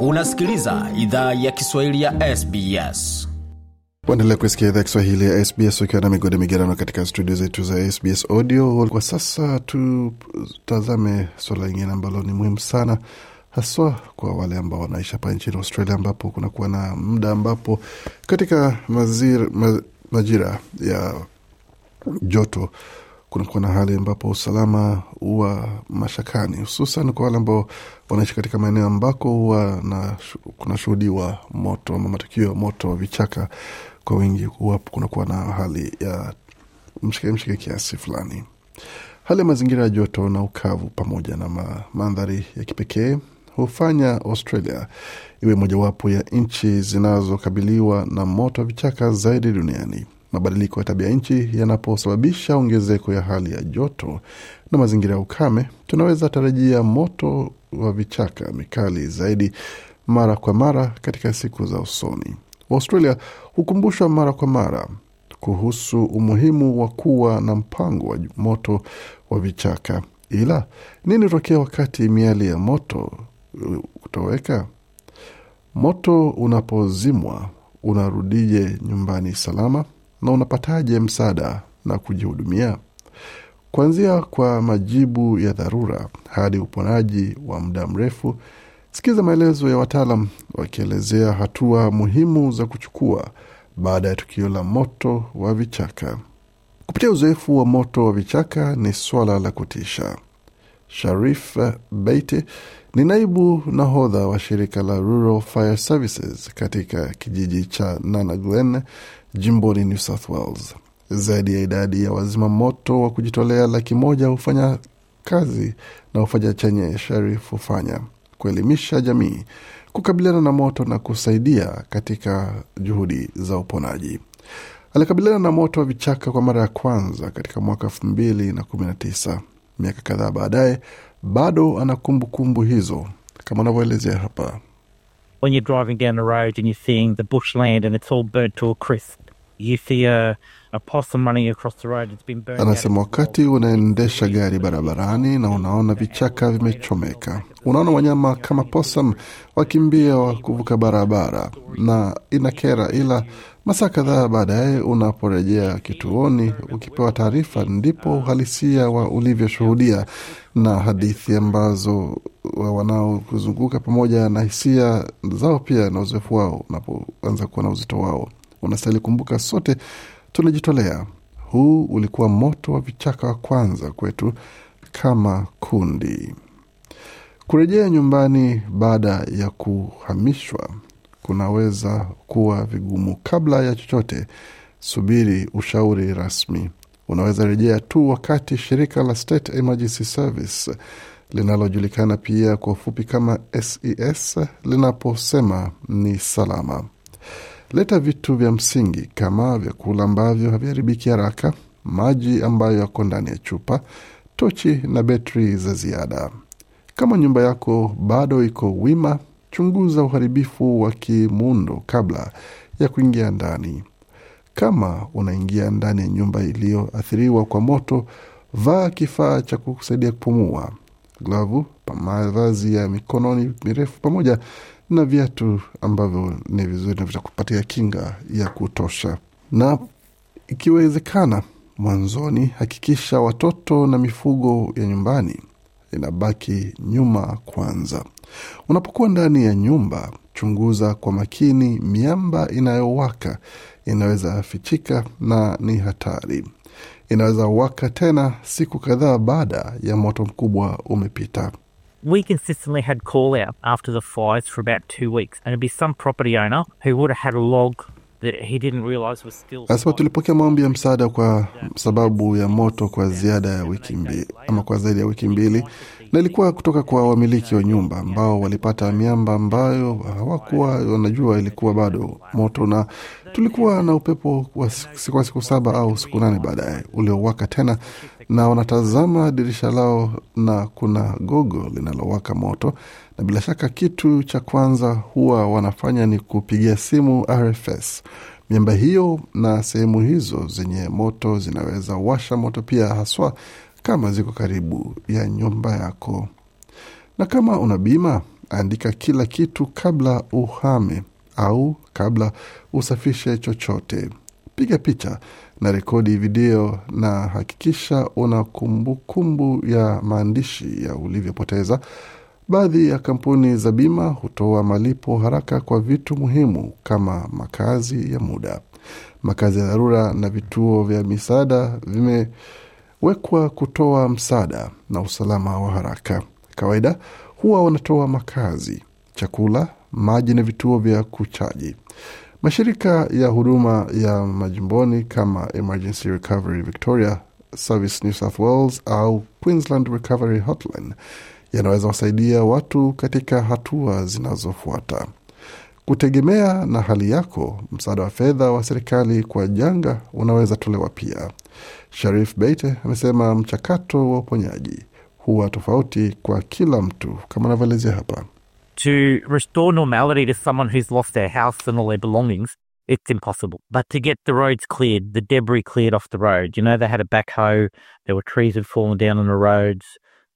Unasikiliza idhaa ya Kiswahili ya SBS. Uendelea kuisikia idhaa Kiswahili ya SBS ukiwa na migodi migerano katika studio zetu za SBS Audio. Kwa sasa tutazame suala lingine ambalo ni muhimu sana haswa kwa wale ambao wanaishi hapa nchini Australia, ambapo kunakuwa na muda ambapo katika mazir, ma, majira ya joto kunakuwa na hali ambapo usalama huwa mashakani, hususan kwa wale ambao wanaishi katika maeneo ambako huwa kunashuhudiwa moto ama matukio ya moto wa vichaka kwa wingi, huwa kunakuwa na hali ya mshike mshike kiasi fulani. Hali ya mazingira ya joto na ukavu pamoja na ma mandhari ya kipekee hufanya Australia iwe mojawapo ya nchi zinazokabiliwa na moto wa vichaka zaidi duniani. Mabadiliko ya tabia nchi yanaposababisha ongezeko ya hali ya joto na mazingira ya ukame, tunaweza tarajia moto wa vichaka mikali zaidi mara kwa mara katika siku za usoni. Waustralia hukumbushwa mara kwa mara kuhusu umuhimu wa kuwa na mpango wa moto wa vichaka. Ila nini hutokea wakati miali ya moto kutoweka? Uh, moto unapozimwa unarudije nyumbani salama? na unapataje msaada na kujihudumia? Kuanzia kwa majibu ya dharura hadi uponaji wa muda mrefu. Sikiza maelezo ya wataalam wakielezea hatua muhimu za kuchukua baada ya tukio la moto wa vichaka. Kupitia uzoefu wa moto wa vichaka ni swala la kutisha. Sharif Beiti ni naibu nahodha wa shirika la Rural Fire Services katika kijiji cha Nana Glen jimboni New South Wales. Zaidi ya idadi ya wazima moto wa kujitolea laki moja hufanya kazi na hufanya chenye Sherif hufanya kuelimisha jamii kukabiliana na moto na kusaidia katika juhudi za uponaji. Alikabiliana na moto wa vichaka kwa mara ya kwanza katika mwaka elfu mbili na kumi na tisa. Miaka kadhaa baadaye bado ana kumbukumbu kumbu hizo, kama anavyoelezea hapa. when you're driving down the road and you're seeing the bushland and it's all burnt to a crisp Anasema wakati unaendesha gari barabarani na unaona vichaka vimechomeka, unaona wanyama kama possum wakimbia wa kuvuka barabara na inakera, ila masaa kadhaa baadaye unaporejea kituoni ukipewa taarifa, ndipo uhalisia wa ulivyoshuhudia na hadithi ambazo wanaokuzunguka pamoja na hisia zao pia na uzoefu wao unapoanza kuwa na uzito wao unastahili kumbuka, sote tunajitolea. Huu ulikuwa moto wa vichaka wa kwanza kwetu kama kundi. Kurejea nyumbani baada ya kuhamishwa kunaweza kuwa vigumu. Kabla ya chochote, subiri ushauri rasmi. Unaweza rejea tu wakati shirika la State Emergency Service linalojulikana pia kwa ufupi kama SES e linaposema ni salama. Leta vitu vya msingi kama vyakula ambavyo haviharibiki haraka, maji ambayo yako ndani ya chupa, tochi na betri za ziada. Kama nyumba yako bado iko wima, chunguza uharibifu wa kimuundo kabla ya kuingia ndani. Kama unaingia ndani ya nyumba iliyoathiriwa kwa moto, vaa kifaa cha kusaidia kupumua, glavu, mavazi ya mikononi mirefu pamoja na viatu ambavyo ni vizuri na vitakupatia kinga ya kutosha. Na ikiwezekana, mwanzoni hakikisha watoto na mifugo ya nyumbani inabaki nyuma kwanza. Unapokuwa ndani ya nyumba, chunguza kwa makini miamba inayowaka inaweza fichika na ni hatari. Inaweza waka tena siku kadhaa baada ya moto mkubwa umepita we consistently had call out after the fires for about two weeks, and it'd be some property owner who would have had a log Anasema tulipokea maombi ya msaada kwa sababu ya moto kwa ziada ya wiki mbili ama kwa zaidi ya wiki mbili, na ilikuwa kutoka kwa wamiliki wa nyumba ambao walipata miamba ambayo hawakuwa wanajua ilikuwa bado moto, na tulikuwa na upepo wa siku, siku saba au siku nane baadaye uliowaka tena na wanatazama dirisha lao na kuna gogo linalowaka moto, na bila shaka kitu cha kwanza huwa wanafanya ni kupigia simu RFS. Miamba hiyo na sehemu hizo zenye moto zinaweza washa moto pia, haswa kama ziko karibu ya nyumba yako. Na kama una bima, andika kila kitu kabla uhame au kabla usafishe chochote piga picha na rekodi video na hakikisha una kumbukumbu kumbu ya maandishi ya ulivyopoteza. Baadhi ya kampuni za bima hutoa malipo haraka kwa vitu muhimu kama makazi ya muda, makazi ya dharura, na vituo vya misaada vimewekwa kutoa msaada na usalama wa haraka. Kawaida huwa wanatoa makazi, chakula, maji na vituo vya kuchaji. Mashirika ya huduma ya majimboni kama Emergency Recovery Victoria, Service New South Wales au Queensland Recovery Hotline yanaweza wasaidia watu katika hatua zinazofuata: kutegemea na hali yako. Msaada wa fedha wa serikali kwa janga unaweza tolewa pia. Sharif Beite amesema mchakato wa uponyaji huwa tofauti kwa kila mtu, kama anavyoelezea hapa. to restore normality to someone who's lost their house and all their belongings, it's impossible. But to get the roads cleared, the debris cleared off the road, you know, they had a backhoe, there were trees had fallen down on the roads,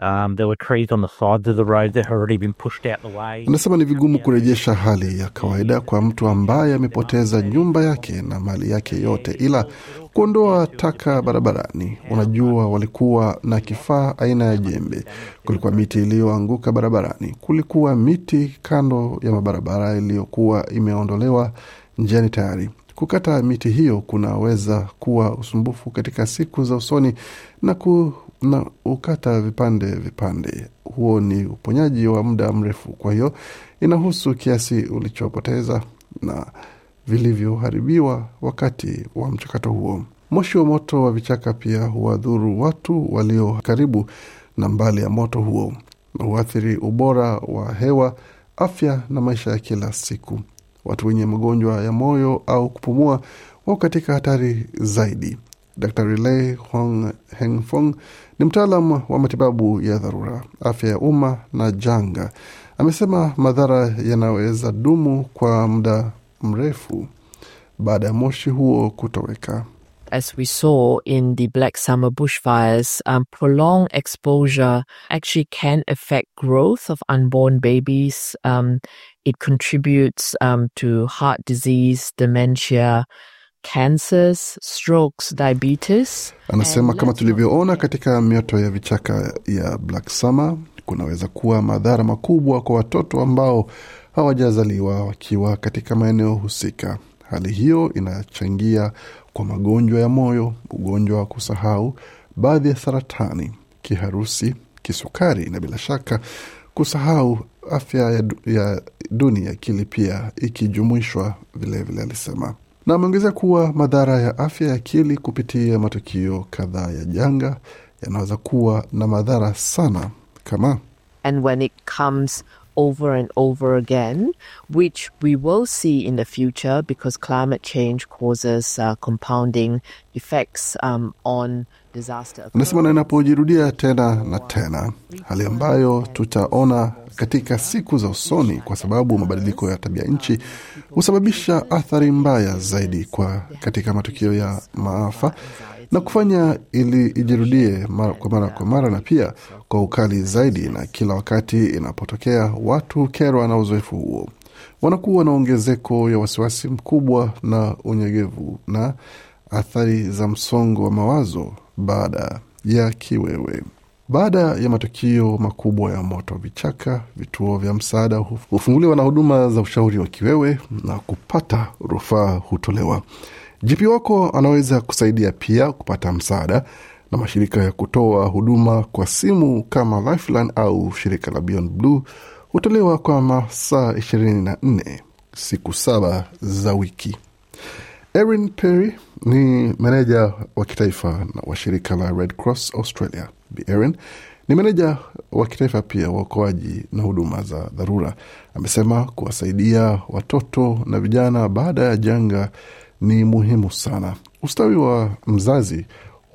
Um, there were trees on the sides of the road that had already been pushed out the way. Anasema ni vigumu kurejesha hali ya kawaida kwa mtu ambaye amepoteza nyumba yake na mali yake yote, ila kuondoa taka barabarani. Unajua, walikuwa na kifaa aina ya jembe. Kulikuwa miti iliyoanguka barabarani, kulikuwa miti kando ya mabarabara iliyokuwa imeondolewa njiani tayari. Kukata miti hiyo kunaweza kuwa usumbufu katika siku za usoni na ku na ukata vipande vipande. Huo ni uponyaji wa muda mrefu, kwa hiyo inahusu kiasi ulichopoteza na vilivyoharibiwa wakati wa mchakato huo. Moshi wa moto wa vichaka pia huwadhuru watu walio karibu na mbali ya moto huo na huathiri ubora wa hewa, afya na maisha ya kila siku. Watu wenye magonjwa ya moyo au kupumua wako katika hatari zaidi. Dr Ley Hong Hengfong Ni mtaalam wa matibabu ya dharura, afya ya umma na janga, amesema madhara yanaweza dumu kwa muda mrefu baada ya moshi huo kutoweka. as we saw in the Black Summer bushfires, um, prolonged exposure actually can affect growth of unborn babies. Um, it contributes um, to heart disease, dementia, Cancers, strokes, diabetes. Anasema kama tulivyoona katika mioto ya vichaka ya Black Summer, kunaweza kuwa madhara makubwa kwa watoto ambao hawajazaliwa wakiwa katika maeneo husika. Hali hiyo inachangia kwa magonjwa ya moyo, ugonjwa wa kusahau, baadhi ya saratani, kiharusi, kisukari na bila shaka kusahau afya ya, ya duni ya akili pia ikijumuishwa vilevile, alisema na ameongezea kuwa madhara ya afya ya akili kupitia matukio kadhaa ya janga yanaweza kuwa na madhara sana kama And when it comes over and over again, which we will see in the future because climate change causes uh, compounding effects um, on disaster. Anasema na inapojirudia tena na tena, hali ambayo tutaona katika siku za usoni, kwa sababu mabadiliko ya tabia nchi husababisha athari mbaya zaidi kwa katika matukio ya maafa na kufanya ili ijirudie mara kwa mara kwa mara, na pia kwa ukali zaidi, na kila wakati inapotokea, watu kerwa na uzoefu huo wanakuwa na ongezeko ya wasiwasi mkubwa na unyegevu na athari za msongo wa mawazo baada ya kiwewe. Baada ya matukio makubwa ya moto vichaka, vituo vya msaada hufunguliwa na huduma za ushauri wa kiwewe na kupata rufaa hutolewa. GP wako anaweza kusaidia pia kupata msaada na mashirika ya kutoa huduma kwa simu kama Lifeline au shirika la Beyond Blue hutolewa kwa masaa 24 siku saba za wiki. Erin Perry ni meneja wa kitaifa wa shirika la Red Cross Australia. Bi Erin ni meneja wa kitaifa pia waokoaji na huduma za dharura. Amesema kuwasaidia watoto na vijana baada ya janga ni muhimu sana. Ustawi wa mzazi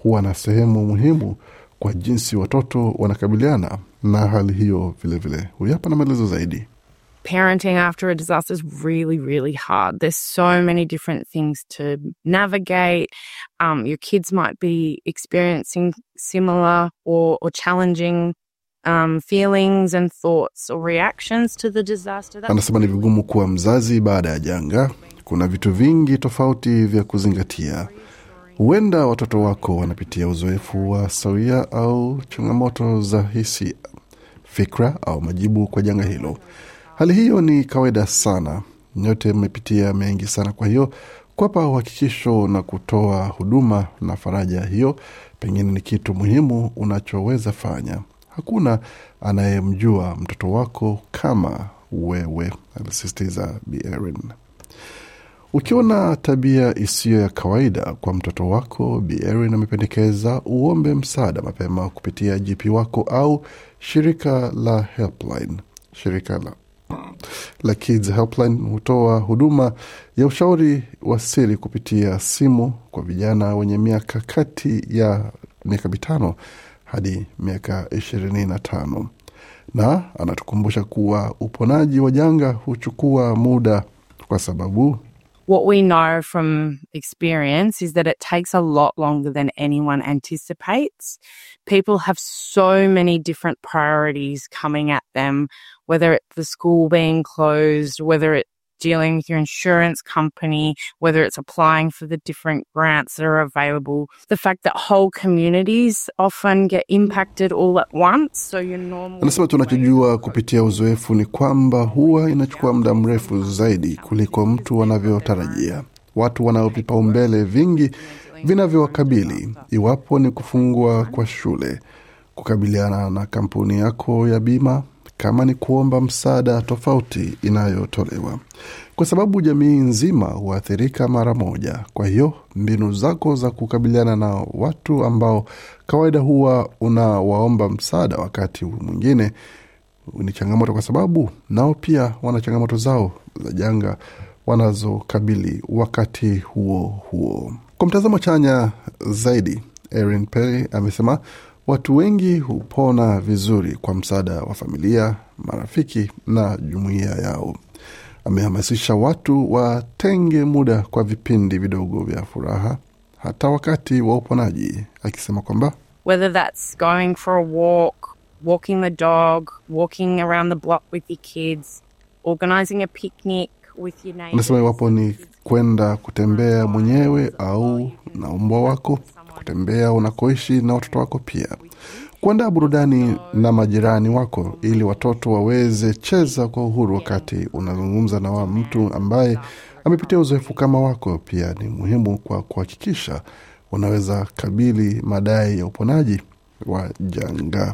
huwa na sehemu muhimu kwa jinsi watoto wanakabiliana na hali hiyo vilevile. Huyu hapa na maelezo zaidi. parenting after a disaster is really, really hard. There's so many different things to navigate. Um, your kids might be experiencing similar or, or challenging Um, feelings and thoughts or reactions to the disaster Anasema ni vigumu kuwa mzazi baada ya janga. Kuna vitu vingi tofauti vya kuzingatia. Huenda watoto wako wanapitia uzoefu wa sawia au changamoto za hisia, fikra au majibu kwa janga hilo. Hali hiyo ni kawaida sana, nyote mmepitia mengi sana. Kwa hiyo kuwapa uhakikisho na kutoa huduma na faraja hiyo pengine ni kitu muhimu unachoweza fanya. Hakuna anayemjua mtoto wako kama wewe, alisisitiza Bn. Ukiona tabia isiyo ya kawaida kwa mtoto wako, Bn amependekeza uombe msaada mapema kupitia GP wako au shirika la Helpline. Shirika la la Kids Helpline hutoa huduma ya ushauri wa siri kupitia simu kwa vijana wenye miaka kati ya miaka mitano hadi miaka ishirini na tano na anatukumbusha kuwa uponaji wa janga huchukua muda kwa sababu What we know from experience is that it takes a lot longer than anyone anticipates. People have so many different priorities coming at them, whether it's the school being closed, whether it dealing with your insurance company, whether it's applying for the different grants that are available, the fact that whole communities often get impacted all at once. So you your normal. Anasema tunachojua kupitia uzoefu ni kwamba huwa inachukua muda mrefu zaidi kuliko mtu anavyotarajia. Watu wanao vipaumbele vingi vinavyowakabili, iwapo ni kufungua kwa shule, kukabiliana na kampuni yako ya bima kama ni kuomba msaada tofauti inayotolewa, kwa sababu jamii nzima huathirika mara moja. Kwa hiyo mbinu zako za kukabiliana na watu ambao kawaida huwa unawaomba msaada wakati mwingine ni changamoto, kwa sababu nao pia wana changamoto zao za janga wanazokabili wakati huo huo. Kwa mtazamo chanya zaidi, Erin Perry amesema Watu wengi hupona vizuri kwa msaada wa familia, marafiki na jumuiya yao. Amehamasisha watu watenge muda kwa vipindi vidogo vya furaha hata wakati wa uponaji, akisema kwamba whether that's going for a walk, walking the dog, walking around the block with your kids, organizing a picnic with your neighbors. Anasema iwapo ni kwenda kutembea mwenyewe au na mbwa wako kutembea unakoishi na watoto wako, pia kuandaa burudani na majirani wako ili watoto waweze cheza kwa uhuru. Wakati unazungumza na wa mtu ambaye amepitia uzoefu kama wako, pia ni muhimu kwa kuhakikisha unaweza kabili madai ya uponaji wa janga,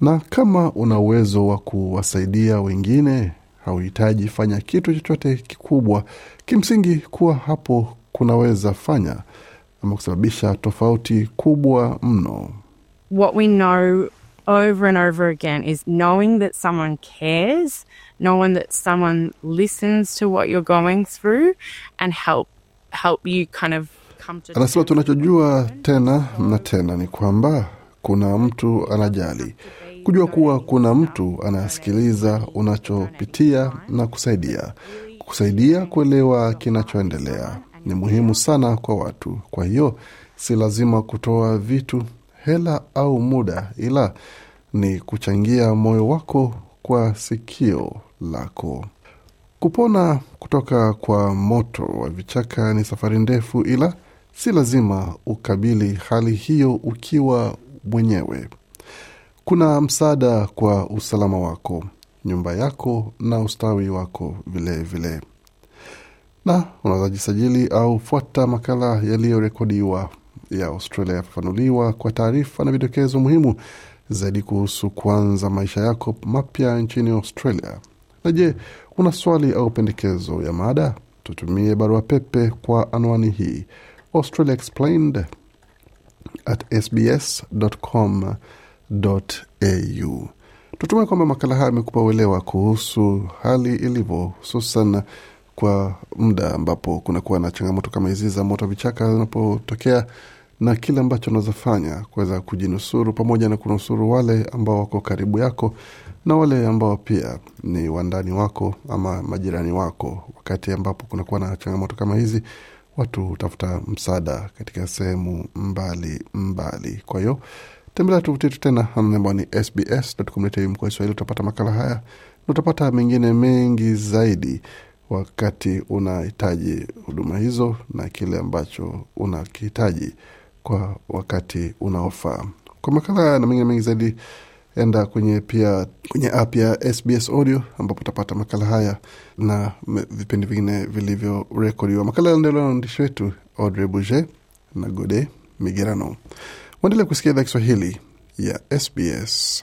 na kama una uwezo wa kuwasaidia wengine hauhitaji fanya kitu chochote kikubwa. Kimsingi kuwa hapo kunaweza fanya ama kusababisha tofauti kubwa mno. What we know over and over again is knowing that someone cares, knowing that someone listens to what you're going through and help help you kind of come to Anasema tunachojua tena na tena ni kwamba kuna mtu anajali. Kujua kuwa kuna mtu anasikiliza unachopitia na kusaidia. Kusaidia kuelewa kinachoendelea ni muhimu sana kwa watu. Kwa hiyo si lazima kutoa vitu, hela au muda, ila ni kuchangia moyo wako kwa sikio lako. Kupona kutoka kwa moto wa vichaka ni safari ndefu, ila si lazima ukabili hali hiyo ukiwa mwenyewe. Kuna msaada kwa usalama wako, nyumba yako na ustawi wako vilevile vile na unaweza jisajili au fuata makala yaliyorekodiwa ya Australia yafafanuliwa kwa taarifa na vidokezo muhimu zaidi kuhusu kuanza maisha yako mapya nchini Australia. Na je, una swali au pendekezo ya mada? Tutumie barua pepe kwa anwani hii Australia Explained at sbs.com.au. kwamba makala haya amekupa uelewa kuhusu hali ilivyo, hususan kwa muda ambapo kunakuwa na changamoto kama hizi za moto vichaka zinapotokea, na kile ambacho unaweza kuweza kujinusuru pamoja na kunusuru wale ambao wako karibu yako na wale ambao pia ni wandani wako ama majirani wako. Wakati ambapo kunakuwa na changamoto kama hizi, watu hutafuta msaada katika sehemu mbali mbali. Kwa hiyo tembelea tovuti tena ambao ni sbs mkoa Kiswahili. Utapata makala haya na utapata mengine mengi zaidi wakati unahitaji huduma hizo na kile ambacho unakihitaji kwa wakati unaofaa. Kwa makala na mengine mengi zaidi, enda kwenye pia kwenye app ya SBS Audio ambapo utapata makala haya na vipindi vingine vilivyorekodiwa. Makala yaendelewa na waandishi wetu audre buge na Gode Migerano. Waendelea kusikia idhaa Kiswahili ya SBS